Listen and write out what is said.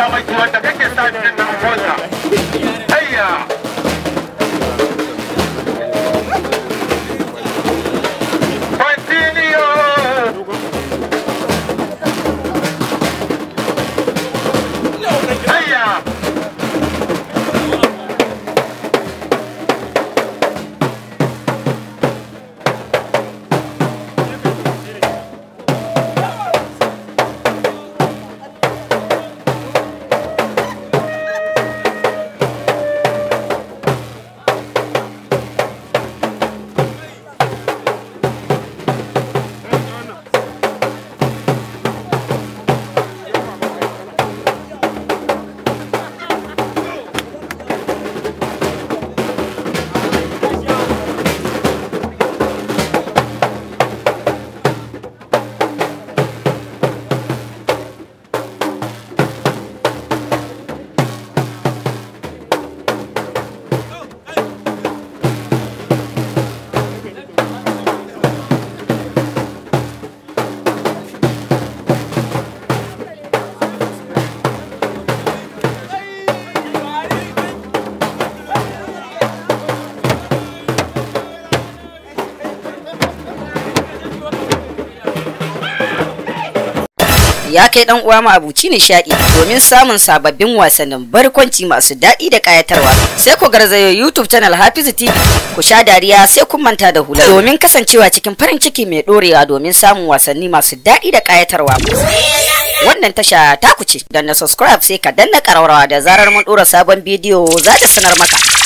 sha maki wanda kake sa nan ya kai dan uwa ma abuci nishadi domin samun sababbin wasannin barkwanci masu daɗi da kayatarwa sai ku garzayo YouTube channel Hafizu TV ku sha dariya sai kun manta da hula domin kasancewa cikin farin ciki mai ɗorewa domin samun wasanni masu daɗi da kayatarwa wannan tasha ta ku ce dan na subscribe sai ka danna ƙararrawa da zarar mun ɗora sabon bidiyo za ta sanar maka